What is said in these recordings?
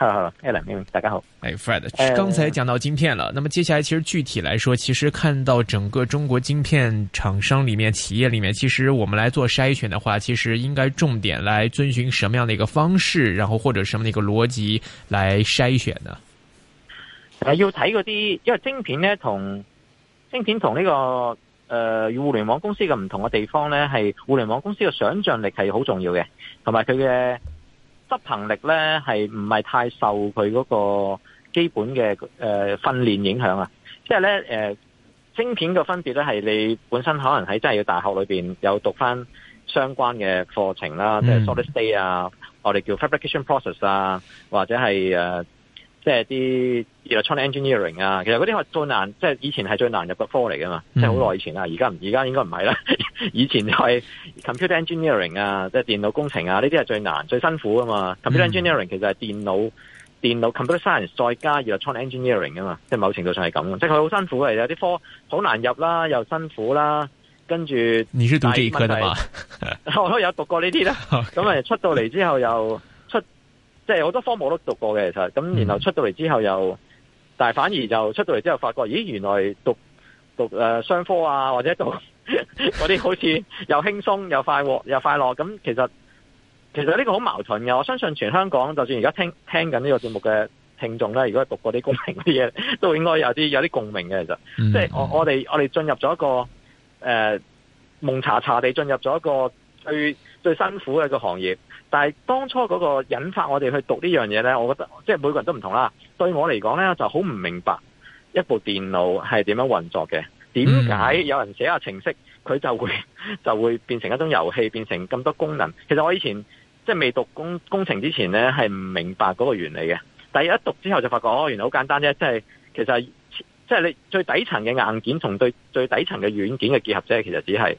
好啦好啦 Alan 大家好。誒、 hey、，Fred， 剛才講到晶片了， 那麼接下來其實具體來說，其實看到整個中國晶片廠商裏面企業裏面，其實我們來做篩選的話，其實應該重點來遵循什麼樣的一個方式，然後或者什麼樣的一個邏輯來篩選呢？誒，要睇嗰啲，因為晶片呢，同晶片同呢、這個誒、呃、互聯網公司嘅唔同嘅地方呢，係互聯網公司嘅想象力係好重要嘅，同埋佢嘅。執行力咧係唔係太受佢嗰個基本嘅誒、呃、訓練影響啊？即係咧誒晶片嘅分別咧係你本身可能喺真係要大學裏邊有讀翻相關嘅課程啦，mm. 即係 solid state 啊，我哋叫 fabrication process 啊，或者係誒。呃即係啲 electronic engineering 啊，其實嗰啲係最難，即係以前係最難入嘅科嚟嘅嘛，嗯、即係好耐以前啦。而家而家應該唔係啦，以前係 computer engineering 啊，即係電腦工程啊，呢啲係最難、最辛苦啊嘛、嗯。computer engineering 其實係電腦、電腦 computer science 再加 electronic engineering 啊嘛，即係某程度上係咁，即係佢好辛苦嚟，有啲科好難入啦，又辛苦啦，跟住你係讀呢一科嘛， 我都有讀過這些呢啲啦，咁、okay. 誒、嗯、出到嚟之後又。即係好多科目都讀過嘅其實，咁然後出到嚟之後又，但係反而就出到嚟之後發覺，咦，原來讀讀誒商科啊，或者讀嗰啲 好似又輕鬆又快活又快樂，咁其實其實呢個好矛盾嘅。我相信全香港，就算而家聽聽緊呢個節目嘅聽眾咧，如果係讀過啲公平啲嘢， 都應該有啲有啲共鳴嘅。其實， 即係我我哋我哋進入咗一個誒蒙、呃、查查地，進入咗一個。最最辛苦嘅一個行業，但係當初嗰個引發我哋去讀呢樣嘢呢，我覺得即係每個人都唔同啦。對我嚟講呢，就好唔明白一部電腦係點樣運作嘅？點解有人寫下程式，佢就會就會變成一種遊戲，變成咁多功能？其實我以前即係未讀工工程之前呢，係唔明白嗰個原理嘅。但係一讀之後就發覺，哦，原來好簡單啫，即係其實即係你最底層嘅硬件同最底層嘅軟件嘅結合啫，其實只係。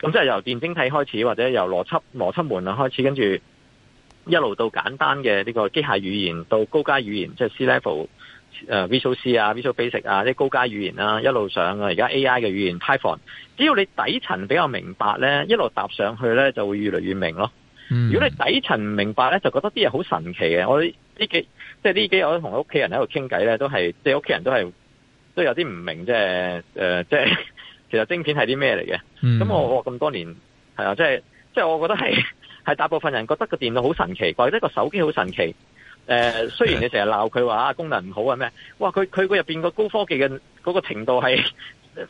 咁即係由電晶體開始，或者由邏輯邏輯門啊開始，跟住一路到簡單嘅呢個機械語言，到高階語言，即係 C level，誒、mm. uh, Visual C 啊 Visual Basic 啊啲高階語言啊。一路上啊而家 A I 嘅語言 Python，只要你底層比較明白呢，一路搭上去呢，就會越嚟越明咯。Mm. 如果你底層唔明白呢，就覺得啲嘢好神奇嘅。我呢幾即係呢幾日，我同屋企人喺度傾偈呢，都係即係屋企人都係都有啲唔明，即係誒即係。就是其實晶片係啲咩嚟嘅？咁、嗯、我我咁多年係啊，即係即係，就是、我覺得係係大部分人覺得個電腦好神奇，或者個手機好神奇。誒、呃，雖然你成日鬧佢話功能唔好啊咩，哇！佢佢入邊個高科技嘅嗰個程度係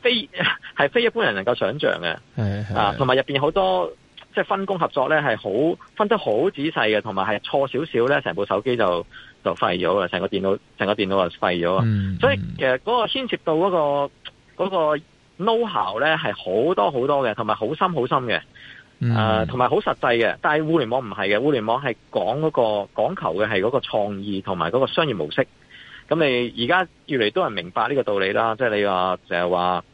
非係非一般人能夠想像嘅。係啊，同埋入邊好多即係、就是、分工合作咧，係好分得好仔細嘅，同埋係錯少少咧，成部手機就就廢咗啦，成個電腦成個電腦就廢咗啊、嗯。所以、嗯、其實嗰個牽涉到嗰個嗰個。那個 Know-how 咧係好多好多嘅，同埋好深好深嘅，誒同埋好實際嘅。但係互聯網唔係嘅，互聯網係講嗰個講求嘅係嗰個創意同埋嗰個商業模式。咁你而家越嚟都係明白呢個道理啦，即係你話就係話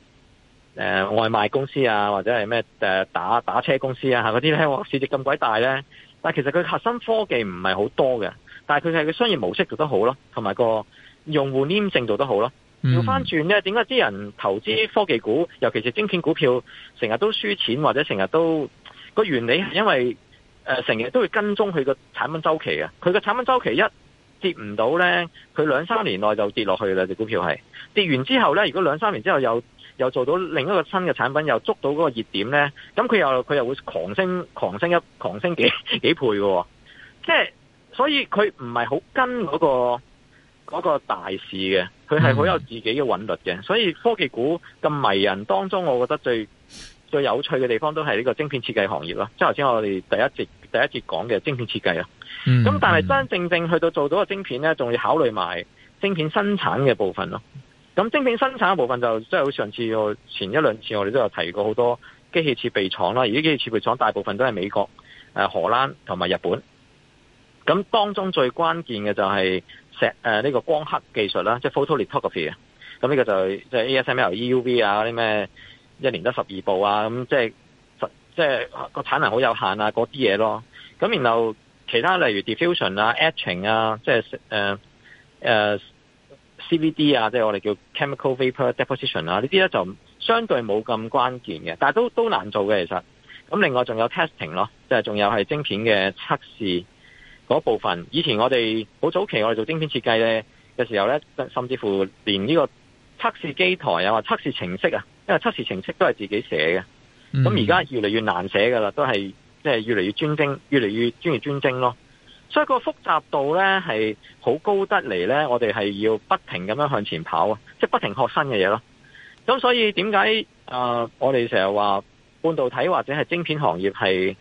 誒外賣公司啊，或者係咩誒打打車公司啊嗰啲咧，市值咁鬼大咧。但係其實佢核心科技唔係好多嘅，但係佢係個商業模式做得好咯，同埋個用戶黏性做得好咯。調翻轉咧，點解啲人投資科技股，尤其是晶片股票，成日都輸錢或者成日都個原理係因為誒，成日都會跟蹤佢個產品周期啊。佢個產品周期一跌唔到咧，佢兩三年內就跌落去啦。隻股票係跌完之後咧，如果兩三年之後又又做到另一個新嘅產品，又捉到嗰個熱點咧，咁佢又佢又會狂升狂升一狂升幾幾倍嘅、哦，即係所以佢唔係好跟嗰個。嗰、那個大事嘅，佢係好有自己嘅韻律嘅，所以科技股咁迷人當中，我覺得最最有趣嘅地方都係呢個晶片設計行業咯。即係頭先我哋第一節第一節講嘅晶片設計啊。咁、嗯、但係真真正正去到做到個晶片呢，仲要考慮埋晶片生產嘅部分咯。咁晶片生產嘅部分就即係好似上次我前一兩次我哋都有提過好多機器設備廠啦。而啲機器設備廠大部分都係美國、呃、荷蘭同埋日本。咁當中最關鍵嘅就係、是。石、呃、呢、這個光刻技術啦，即係 photolithography 嘅，咁呢個就即係 ASML EUV 啊，啲咩一年得十二部啊，咁、嗯、即係即係個產能好有限啊，嗰啲嘢咯。咁然後其他例如 diffusion 啊、etching 啊，即係、呃 uh, CVD 啊，即係我哋叫 chemical vapor deposition 啊，呢啲咧就相對冇咁關鍵嘅，但係都都難做嘅其實。咁另外仲有 testing 咯，即係仲有係晶片嘅測試。嗰部分，以前我哋好早期我哋做晶片設計咧嘅時候咧，甚至乎連呢個測試機台啊、測試程式啊，因為測試程式都係自己寫嘅。咁而家越嚟越難寫噶啦，都係即係越嚟越專精、越嚟越專業、專精咯。所以個複雜度咧係好高得嚟咧，我哋係要不停咁樣向前跑啊，即係不停學新嘅嘢咯。咁所以點解誒，我哋成日話半導體或者係晶片行業係？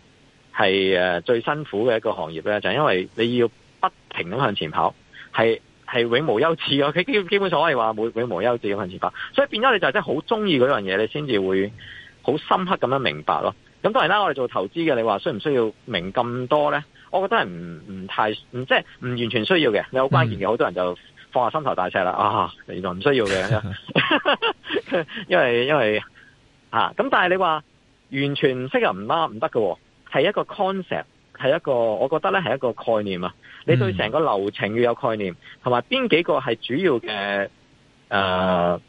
係誒，最辛苦嘅一個行業咧，就係、是、因為你要不停咁向前跑，係係永無休止嘅。佢基基本上可以話每永無休止咁向前跑，所以變咗你就真係好中意嗰樣嘢，你先至會好深刻咁樣明白咯。咁當然啦，我哋做投資嘅，你話需唔需要明咁多咧？我覺得係唔唔太唔即係唔完全需要嘅，你好關鍵嘅，好、嗯、多人就放下心頭大石啦。啊，原來唔需要嘅， 因為因為啊咁，但係你話完全唔識又唔啱，唔得嘅。係一個 concept，係一個，我覺得咧係一個概念啊。你對成個流程要有概念，同埋邊幾個係主要嘅誒、呃，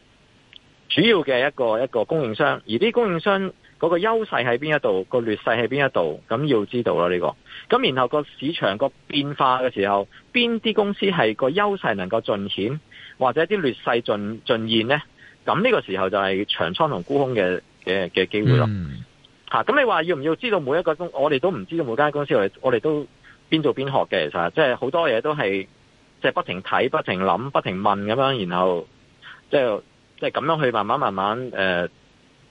主要嘅一個一個供應商。而啲供應商嗰個優勢喺邊一度，個劣勢喺邊一度，咁、這個、要知道啦呢個。咁然後個市場個變化嘅時候，邊啲公司係個優勢能夠盡顯，或者啲劣勢盡盡現呢？咁呢、這個時候就係長倉同沽空嘅嘅嘅機會咯。嗯咁、啊、你話要唔要知道每一個公，我哋都唔知道每間公司，我哋我哋都邊做邊學嘅其實，即係好多嘢都係即係不停睇，不停諗，不停問咁樣，然後即係即係咁樣去慢慢慢慢誒，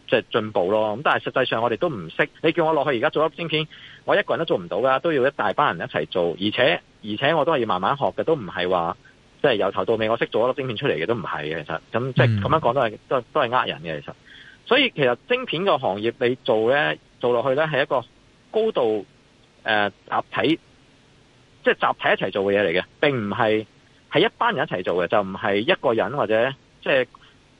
即係進步咯。咁但係實際上我哋都唔識，你叫我落去而家做一粒晶片，我一個人都做唔到噶，都要一大班人一齊做，而且而且我都係要慢慢學嘅，都唔係話即係由頭到尾我識做一粒晶片出嚟嘅，都唔係嘅。其實咁即係咁樣講都係都係都係呃人嘅其實。所以其實晶片個行業，你做咧做落去咧，係一個高度誒、呃、集體，即係集體一齊做嘅嘢嚟嘅，並唔係係一班人一齊做嘅，就唔係一個人或者，即係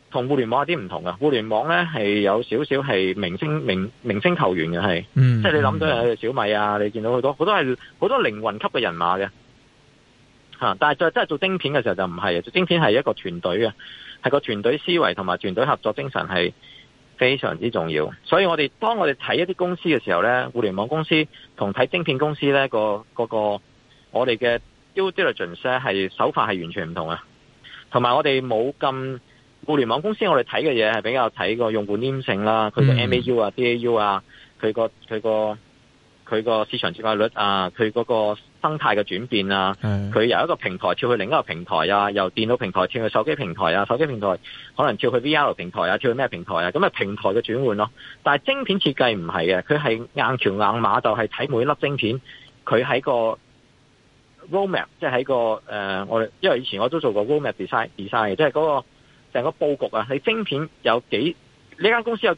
同互聯網有啲唔同嘅。互聯網咧，係有少少係明星明明星球員嘅係，即係、嗯就是，你諗到係小米啊，你見到好多好多係好多靈魂級嘅人馬嘅吓。但係就真係做晶片嘅時候就唔係，做晶片係一個團隊嘅，係個團隊思維同埋團隊合作精神係非常之重要，所以我哋當我哋睇一啲公司嘅時候咧，互聯網公司同睇晶片公司咧、嗰個、嗰個我哋嘅 due diligence 咧係手法係完全唔同啊，同埋我哋冇咁互聯網公司我哋睇嘅嘢係比較睇個用戶黏性啦，佢個 MAU 啊 DAU 啊佢個佢個。佢個市場佔有率啊，佢個生態嘅轉變啊，佢由一個平台跳去另一個平台啊，由電腦平台跳去手機平台啊，手機平台可能跳去 VR 平台啊，跳去咩平台啊？咁啊，平台嘅轉換咯。但係晶片設計唔係嘅，佢係硬橋硬馬就係睇每一粒晶片佢喺個 r o map，即係喺個誒、呃、我哋，因為以前我都做過 r o map design design，嘅、那個，即係個成個布局啊，喺晶片有幾呢間公司有。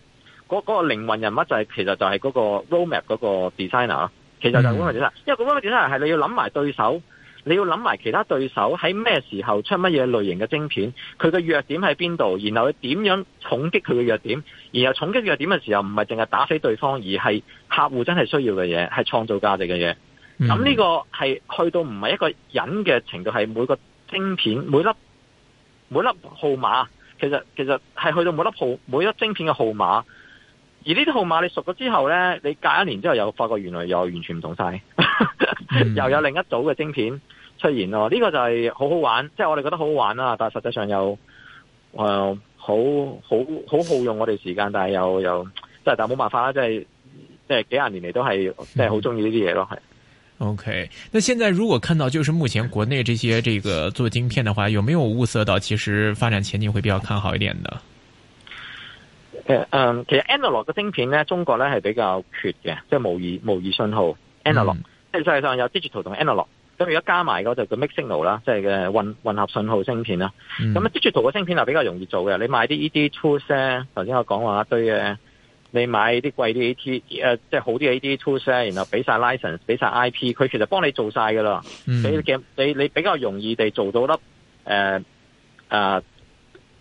嗰、那個靈魂人物就係其實就係嗰個 roadmap 嗰個 designer 咯，其實就係嗰個，個，個 designer，因為嗰個 designer 係你要諗埋對手，你要諗埋其他對手喺咩時候出乜嘢類型嘅晶片，佢嘅弱點喺邊度，然後你點樣重擊佢嘅弱點，然後重擊弱點嘅時候唔係淨係打死對方，而係客戶真係需要嘅嘢，係創造價值嘅嘢。咁呢個係去到唔係一個人嘅程度，係每個晶片、每粒、每粒號碼，其實其實係去到每粒號、每粒晶片嘅號碼。而呢啲號碼你熟咗之後咧，你隔一年之後又發覺原來又完全唔同晒。 又有另一組嘅晶片出現咯。嗯，呢個就係好好玩，即係我哋覺得好好玩啦，但係實際上又誒好好好耗用我哋時間，但係又又即係但係冇辦法啦，即係即係幾廿年嚟都係即係好中意呢啲嘢咯。係。嗯。OK，那現在如果看到就是目前國內這些這個做晶片的話，有沒有物色到其實發展前景會比較看好一點的？誒，嗯，其實 analog 嘅芯片咧，中國咧係比較缺嘅，即係模擬模擬信號 analog 即係世界上有 digital 同 analog 咁，如果加埋嗰，就叫 mixing 啦，即係嘅混混合信號芯片啦。咁、嗯、啊，digital 嘅芯片係比較容易做嘅，你買啲 ED tools 咧，頭先我講話一堆嘅，你買啲貴啲 AT，誒、呃，即係好啲嘅 ED tools 咧，然後俾晒 license，俾晒 IP，佢其實幫你做晒噶啦，你見你你比較容易地做到粒，誒、呃，誒、呃。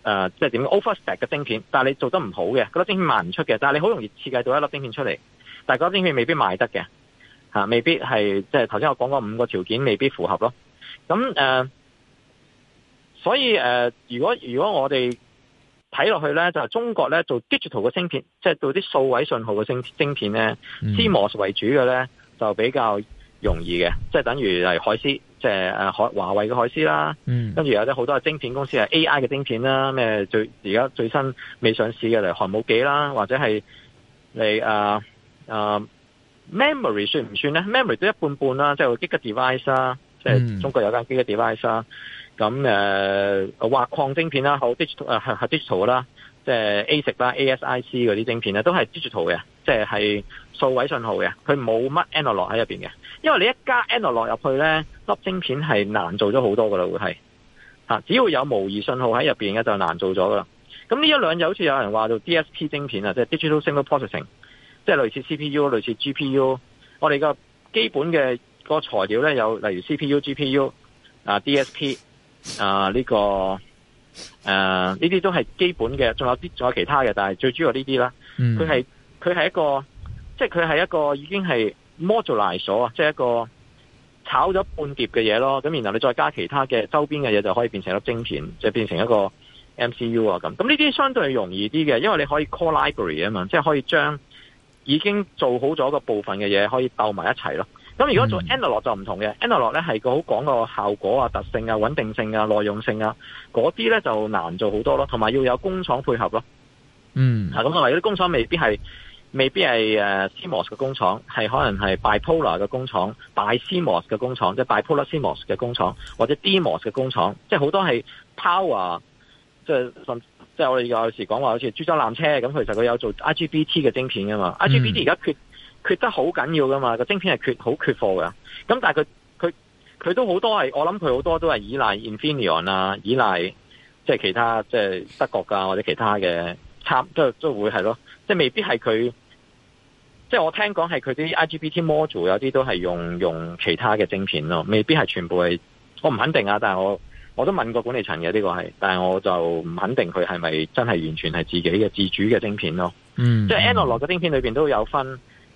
誒，即係點？Overstack 嘅芯片，但係你做得唔好嘅，嗰粒芯片賣唔出嘅。但係你好容易設計到一粒芯片出嚟，但係嗰粒芯片未必賣得嘅，吓，未必係即係頭先我講嗰五個條件未必符合咯。咁誒，所以誒，如果如果我哋睇落去咧，就係中國咧做 digital 嘅芯片，即係做啲數位信號嘅芯芯片咧，嗯，CMOS 為主嘅咧，就比較。容易嘅，即係等於係海思，即係誒、啊、海華為嘅海思啦，跟、嗯、住有啲好多晶片公司係 A I 嘅晶片啦，咩最而家最新未上市嘅，例如寒武紀啦，或者係你誒誒 memory 算唔算咧？memory 都一半半啦，即係激個 device 啦、嗯，即係中國有間激個、Giga、device 啦，咁誒挖礦晶片啦，好 digital 誒、啊、係 digital 啦。即係 ASIC 啦，ASIC 嗰啲晶片咧，都係 digital 嘅，即係係數位信號嘅，佢冇乜 analog 喺入邊嘅。因為你一加 analog 入去咧，粒晶片係難做咗好多噶啦，會係吓，只要有模擬信號喺入邊嘅，就難做咗噶啦。咁呢一兩就好似有人話到 DSP 晶片啊，即係 digital signal processing，即係類似 CPU、類似 GPU。我哋個基本嘅個材料咧，有例如 CPU、GPU 啊、DSP 啊呢個。誒、呃，呢啲都係基本嘅，仲有啲仲有其他嘅，但係最主要呢啲啦。佢係佢係一個，即係佢係一個已經係 modulize 咗啊，即係一個炒咗半碟嘅嘢咯。咁然後你再加其他嘅周邊嘅嘢，就可以變成粒晶片，即係變成一個 MCU 啊。咁咁呢啲相對係容易啲嘅，因為你可以 call library 啊嘛，即係可以將已經做好咗個部分嘅嘢可以鬥埋一齊咯。咁如果做 analog 就唔同嘅、mm. analog 咧係個好廣個效果啊、特性啊、穩定性啊、耐用性啊，嗰啲咧就難做好多咯，同埋要有工廠配合咯。嗯。咁同埋有啲工廠未必係未必係誒 CMOS 嘅工廠，係可能係 bipolar 嘅工廠、大 CMOS 嘅工廠、即、就、係、是、bipolar CMOS 嘅工廠，或者 D MOS 嘅工廠，就是 power，就是、即係好多係 power，即係甚即係我哋有時講話好似株洲纜車咁，其實佢有做 IGBT 嘅晶片噶嘛、mm.，IGBT 而家缺。缺得好緊要噶嘛？個晶片係缺好缺貨噶，咁但係佢佢佢都好多係，我諗佢好多都係依賴 Infineon 啊，依賴即係其他即係德國噶或者其他嘅參都都會係咯，即係未必係佢。即係我聽講係佢啲 IGBT module 有啲都係用用其他嘅晶片咯，未必係全部係我唔肯定啊。但係我我都問過管理層嘅呢、這個係，但係我就唔肯定佢係咪真係完全係自己嘅自主嘅晶片咯。嗯，即係 Analog 嘅晶片裏面都有分。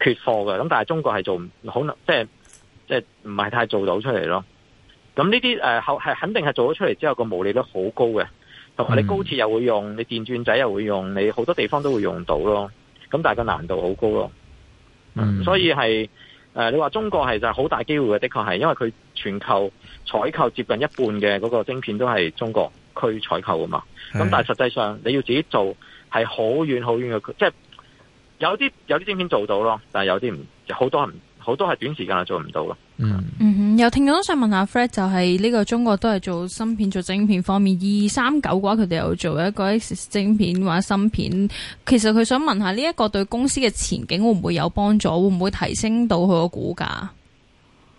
缺貨嘅，咁但係中國係做唔可能，即係即係唔係太做到出嚟咯。咁呢啲誒後係肯定係做咗出嚟之後個毛利率好高嘅，同埋你高鐵又會用，你電鑽仔又會用，你好多地方都會用到咯。咁但係個難度好高咯。嗯，所以係誒、呃，你話中國係就係好大機會嘅，的確係，因為佢全球採購接近一半嘅嗰個晶片都係中國區採購啊嘛。咁但係實際上你要自己做係好遠好遠嘅，即係。有啲有啲晶片做到咯，但係有啲唔好多係好多係短時間係做唔到咯。嗯嗯，又聽眾都想問下 Fred，就係呢個中國都係做芯片做晶片方面，二三九嘅話佢哋有做一個、X、晶片或者芯片，其實佢想問下呢一個對公司嘅前景會唔會有幫助，會唔會提升到佢個股價？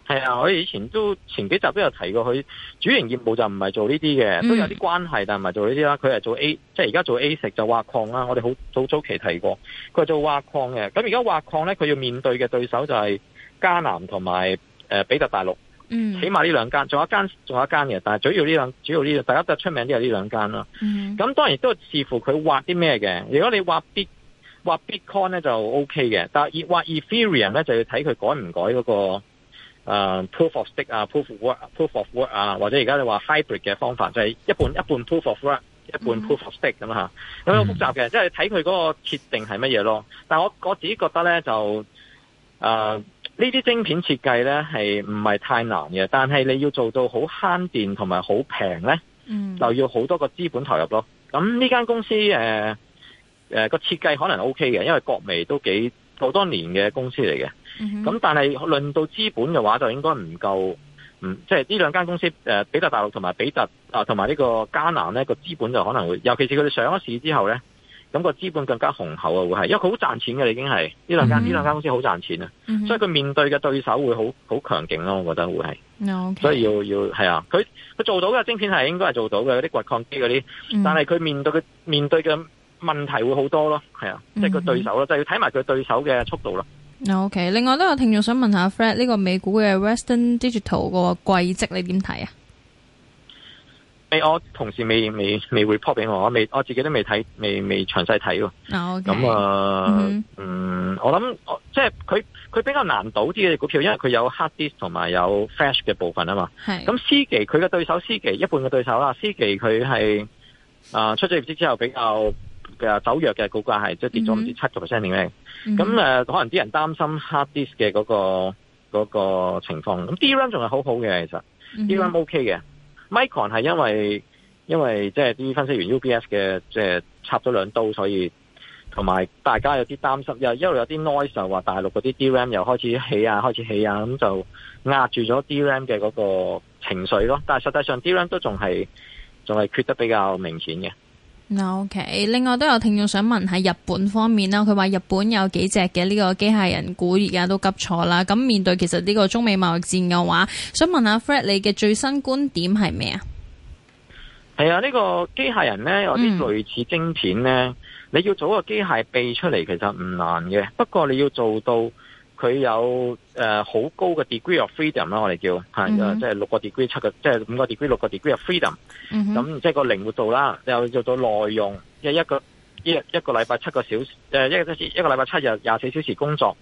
係啊，我哋以前都前幾集都有提過佢主營業務就唔係做呢啲嘅，都有啲關係，但唔係做呢啲啦。佢係做 A，即係而家做 ASIC 就挖礦啦。我哋好早早期提過，佢係做挖礦嘅。咁而家挖礦咧，佢要面對嘅對手就係嘉楠同埋誒比特大陸。嗯，起碼呢兩間，仲有一間，仲有一間嘅，但係主要呢兩，主要呢，大家出名啲有呢兩間啦。咁當然都視乎佢挖啲咩嘅。如果你挖 bit 挖 bitcoin 咧就 OK 嘅，但係挖 ethereum 咧就要睇佢改唔改嗰個。誒、uh, proof of stake 啊，proof work，proof、啊、of work 啊，或者而家你話 hybrid 嘅方法，就係、是、一半一半 proof of work，、mm -hmm. 一半 proof of stake 咁吓，咁有複雜嘅，即係睇佢嗰個設定係乜嘢咯。但係我我自己覺得咧，就誒呢啲晶片設計咧係唔係太難嘅，但係你要做到好慳電同埋好平咧，就要好多個資本投入咯。咁呢間公司誒誒個設計可能 O K 嘅，因為國美都幾好多年嘅公司嚟嘅。咁、mm -hmm. 嗯、但係論到資本嘅話就應該唔夠，嗯，即係呢兩間公司誒、呃，比特大陸同埋比特啊，同埋呢個嘉楠咧、那個資本就可能會，尤其是佢哋上咗市之後咧，咁、那個資本更加雄厚啊會係，因為佢好賺錢嘅已經係呢兩間呢兩間公司好賺錢啊，mm -hmm. 所以佢面對嘅對手會好好強勁咯，我覺得會係，no, okay. 所以要要係啊，佢佢做到嘅晶片係應該係做到嘅，嗰啲掘礦機嗰啲，但係佢面對嘅、mm -hmm. 面對嘅問題會好多咯，係啊，即係個對手咯，mm -hmm. 就要睇埋佢對手嘅速度啦。嗱，OK。另外都有聽眾想問下 Fred 呢個美股嘅 Western Digital 個季績，你點睇啊？未，我同事未未未 report 俾我，我未我自己都未睇，未未詳細睇咯。咁、okay, 啊，呃 uh -huh. 嗯，我諗，即係佢佢比較難倒啲嘅股票，因為佢有 hard disk 同埋有 flash 嘅部分啊嘛。係。咁思奇佢嘅對手思奇一半嘅對手啦，思奇佢係啊出咗業績之後比較。嘅走弱嘅股價係，即係跌咗唔知七個 percent 咁，誒可能啲人擔心 hard disk 嘅嗰個嗰個情況，咁 DRAM 仲係好好嘅，其實、mm -hmm. DRAM OK 嘅。Micron 係因為因為即係啲分析員 UBS 嘅即係插咗兩刀，所以同埋大家有啲擔心，又一路有啲 noise 就話大陸嗰啲 DRAM 又開始起啊，開始起啊，咁就壓住咗 DRAM 嘅嗰個情緒咯。但係實際上 DRAM 都仲係仲係缺得比較明顯嘅。嗱 OK，另外都有聽眾想問喺日本方面啦，佢話日本有幾隻嘅呢個機械人股而家都急挫啦。咁面對其實呢個中美貿易戰嘅話，想問一下 Fred 你嘅最新觀點係咩啊？係啊，呢個機械人呢，有啲類似晶片呢，嗯、你要做一個機械臂出嚟，其實唔難嘅，不過你要做到。佢有誒好、呃、高嘅 degree of freedom 啦，我哋叫係即係六個 degree 七、七個即係五個 degree、六個 degree of freedom、mm -hmm。咁即係個靈活度啦，又做到內容，即係一個一一個禮拜七個小時誒、呃、一個一個禮拜七日廿四小時工作，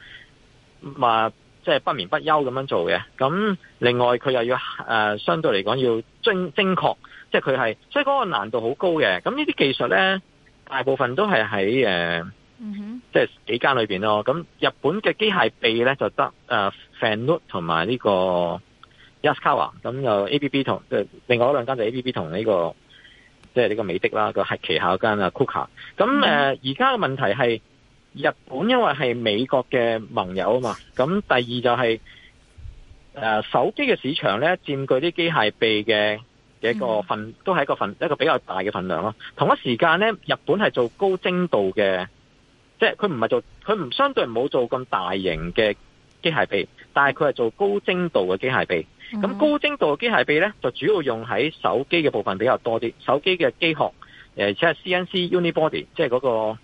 嘛即係不眠不休咁樣做嘅。咁另外佢又要誒、呃、相對嚟講要精精確，即係佢係，所以嗰個難度好高嘅。咁呢啲技術咧，大部分都係喺誒。呃嗯哼，即係幾間裏邊咯。咁日本嘅機械臂咧，就得誒 Fanuc o 同埋呢個 Yaskawa，咁就 A B B 同即係另外嗰兩間就 A B B 同、這、呢個，即係呢個美的啦個係旗下間啊 Kuka。咁誒，而家嘅問題係日本因為係美國嘅盟友啊嘛。咁第二就係、是、誒、呃、手機嘅市場咧，佔據啲機械臂嘅嘅個份、嗯，都係一個份一個比較大嘅份量咯。同一時間咧，日本係做高精度嘅。即係佢唔係做，佢唔相對唔好做咁大型嘅機械臂，但係佢係做高精度嘅機械臂。咁、嗯、高精度嘅機械臂咧，就主要用喺手機嘅部分比較多啲。手機嘅機殼，誒，即係 CNC Unibody，即係嗰、那個，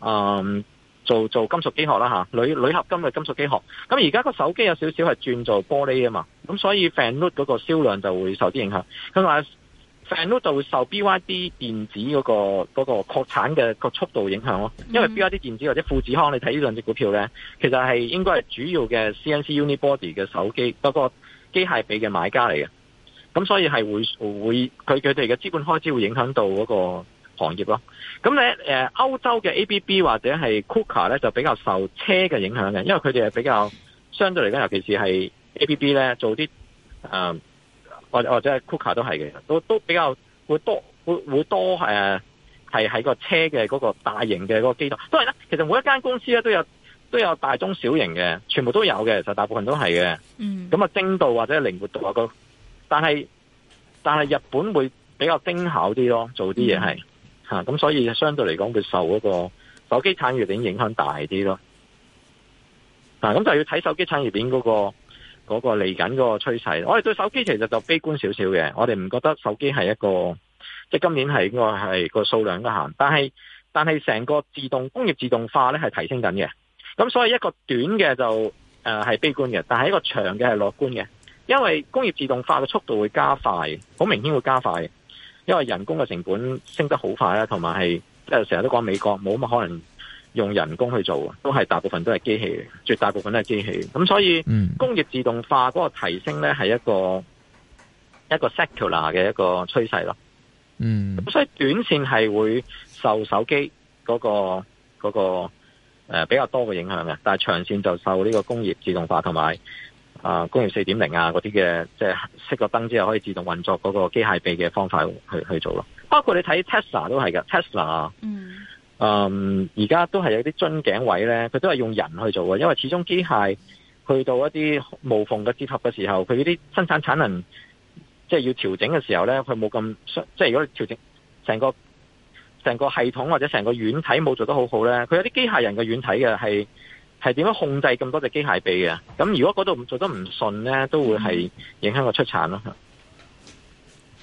嗯，做做金屬機殼啦吓，鋁鋁合金嘅金屬機殼。咁而家個手機有少少係轉做玻璃啊嘛，咁所以 Fanuc 嗰個銷量就會受啲影響。咁啊。Fanuc 就會受 BYD 電子嗰、那個嗰、那個擴產嘅個速度影響咯、嗯，因為 BYD 電子或者富士康，你睇呢兩隻股票咧，其實係應該係主要嘅 CNC Unibody 嘅手機不過、那個、機械臂嘅買家嚟嘅，咁所以係會會佢佢哋嘅資本開支會影響到嗰個行業咯。咁咧誒，歐洲嘅 ABB 或者係 Kuka 咧，就比較受車嘅影響嘅，因為佢哋係比較相對嚟講，尤其是係 ABB 咧做啲誒。呃或或者係 KUKA 都係嘅，都都比較會多會會多誒，係喺個車嘅嗰個大型嘅嗰個機動都係啦。其實每一間公司咧都有都有大中小型嘅，全部都有嘅，就大部分都係嘅。嗯，咁啊精度或者靈活度啊高，但係但係日本會比較精巧啲咯，做啲嘢係吓，咁、嗯啊、所以相對嚟講會受嗰個手機產業鏈影響大啲咯。嗱、啊，咁就要睇手機產業鏈嗰、嗰個。嗰、嗰個嚟緊嗰個趨勢，我哋對手機其實就悲觀少少嘅，我哋唔覺得手機係一個即係今年係應該係個數量嘅限，但係但係成個自動工業自動化咧係提升緊嘅，咁所以一個短嘅就誒係悲觀嘅，但係一個長嘅係樂觀嘅，因為工業自動化嘅速度會加快，好明顯會加快，因為人工嘅成本升得好快啦，同埋係即係成日都講美國冇乜可能。用人工去做都係大部分都係機器嘅，絕大部分都係機器。咁所以工業自動化嗰個提升咧，係一個、mm. 一個 secular 嘅一個趨勢咯。嗯，咁所以短線係會受手機嗰、嗰個、嗰個誒、呃、比較多嘅影響嘅，但係長線就受呢個工業自動化同埋啊工業四點零啊嗰啲嘅，即係熄咗燈之後可以自動運作嗰個機械臂嘅方法去去做咯。包括你睇 Tesla 都係㗎 Tesla 啊。Mm. 嗯，而家都係有啲樽頸位咧，佢都係用人去做嘅。因為始終機械去到一啲無縫嘅結合嘅時候，佢呢啲生產產能即係要調整嘅時候咧，佢冇咁即係如果調整成個成個系統或者成個軟體冇做得好好咧，佢有啲機械人嘅軟體嘅係係點樣控制咁多隻機械臂嘅，咁如果嗰度做得唔順咧，都會係影響個出產咯。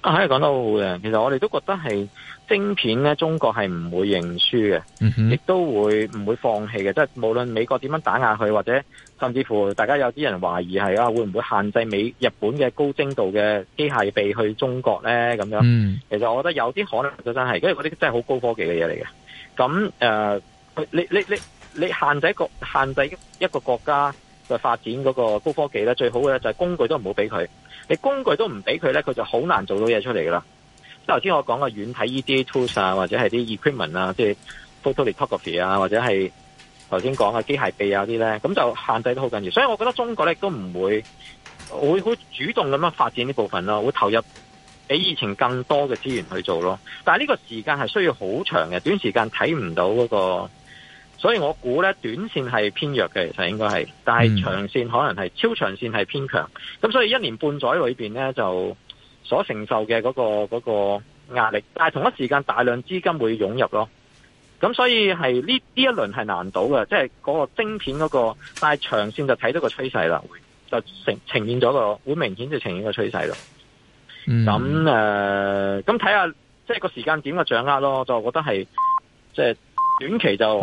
啊，係講得好嘅，其實我哋都覺得係晶片咧，中國係唔會認輸嘅，亦、嗯、都會唔會放棄嘅。即、就、係、是、無論美國點樣打壓佢，或者甚至乎大家有啲人懷疑係啊，會唔會限制美日本嘅高精度嘅機械臂去中國咧？咁樣、嗯，其實我覺得有啲可能，就真係，因為嗰啲真係好高科技嘅嘢嚟嘅。咁誒、呃，你你你你限制一個限制一個國家嘅發展嗰個高科技咧，最好咧就係工具都唔好俾佢。你工具都唔俾佢咧，佢就好難做到嘢出嚟噶啦。即頭先我講嘅軟體 EDA tools 啊，或者係啲 equipment 啊，即係 photolithography 啊，或者係頭先講嘅機械臂啊啲咧，咁就限制得好緊要。所以我覺得中國咧都唔會會好主動咁樣發展呢部分咯，會投入比以前更多嘅資源去做咯。但係呢個時間係需要好長嘅，短時間睇唔到嗰個。所以我估咧，短線係偏弱嘅，其實應該係，但係長線可能係超長線係偏強。咁所以一年半載裏邊咧，就所承受嘅嗰個嗰個壓力，但係同一時間大量資金會湧入咯。咁所以係呢呢一輪係難倒嘅，即係嗰個晶片嗰個，但係長線就睇到個趨勢啦，就呈呈現咗個好明顯就呈現個趨勢咯。咁誒，咁睇下即係個時間點嘅掌握咯，我就覺得係即係短期就。